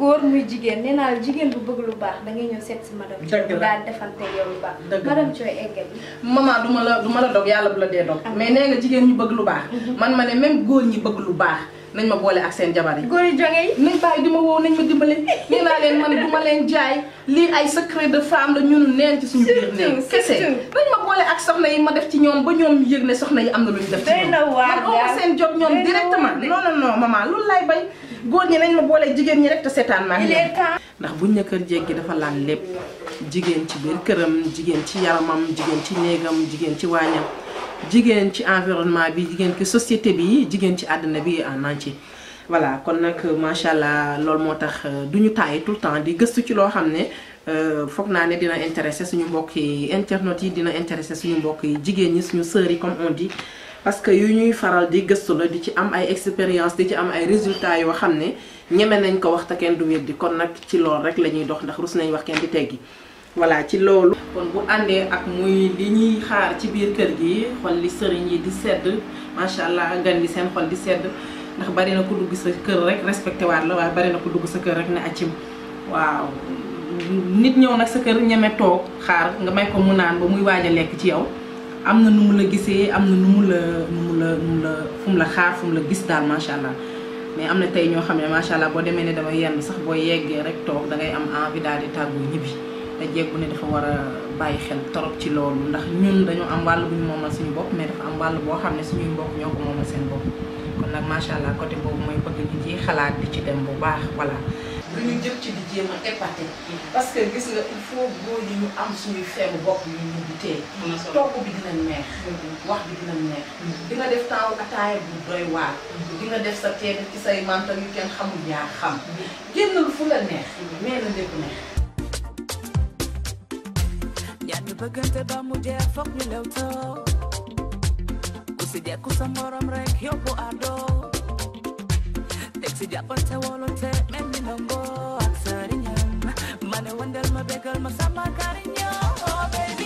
góor muy jigéen nee naa jigéen bu bëgg lu baax da ñëw seet si madame. dëgg la daal defante lu ma la du ma la dog yàlla bu la dee dog. Ah. mais nee nga jigéen ñu bëgg lu baax. Mhm. man ma ne même góor ñi bëgg lu baax nañ ma boole ak seen jabar yi. góor yi jonge yi. nañ bàyyi ma woo nañ ma dimbale nee naa leen man du ma leen jaay lii ay secret de femme la ñunu neen ci suñu biir néeg. kese nañ ma boole yi ma def ci ñoom ba ñoom yëg ne soxna yi am na lu ñu def ci ñoom. day na waar daal man seen job ñoom directement. non non non maman loolu laay bay góor ñi nañ ma boole jigéen ñi rek te seetaan naa ndax bu ne kër jéeg dafa laal lépp jigéen ci biir këram jigéen ci yaramam jigéen ci néegam jigéen ci waañam jigéen ci environnement bi jigéen ci société bi jigéen ci àddina bi en ci voilà kon nag macha allah loolu moo tax euh, du ñu tàyyi tout le temps di gëstu ci loo xam ne euh, foog naa ne dina intéressé suñu mbokk yi internet yi dina intéressé suñu mbokk yi jigéen ñi suñu sœur yi comme on dit parce que yu ñuy faral di gëstu la di ci am ay expérience di ci am ay résultat yoo xam ne ñeme nañ ko wax kenn du weddi kon nag ci loolu rek la ñuy dox ndax rus nañ wax kenn di teggi voilà ci loolu. kon bu àndee ak muy li ñuy xaar ci biir kër gi xol li sëriñ yi di sedd macha allah gan gi seen xol di sedd ndax bari na ko dugg sa kër rek respecté waat la waaye bari na ko dugg sa kër rek ne acim waaw. nit ñëw nag sa kër ñeme toog xaar nga may ko mu naan muy waaj a lekk ci yow. amna numu la gisee amna numu la numu la numu la fum la xaar fum la gis dal machallah mais amna tay ño xamné machallah bo démé ne dama yenn sax bo yeggé rek tok da ngay am envie dal di tàggoo ñibi da jéggu ne dafa wara bàyyi xel torop ci loolu ndax ñun dañu am walu buñu ñu suñu bop mais dafa am walu bo xamné suñu suñuy mbokk ñoo ko moomal seen bop kon nak machallah côté boobu mooy bëgg di ci xalaat di ci dem bu baax voilà. lu ñu jël ci di jéem a épaté parce que gis nga il faut góor ñu am suñuy feebu bopp yu ñu di téye togg bi dina neex mm-hmm. wax bi dina neex mm-hmm. di def temps ataaya bu doy waar mm-hmm. di def sa teeg ci say mantal yu kenn xamul yaa xam génnal fu la neex mais na neex ñaar bëggante ba mu dee foog ñu lewtoo ku si dekku sa morom rek yóbbu àddoo teg si jàppante wolote mel ni nango Ane wendel ma bekel ma sama kariño, oh baby.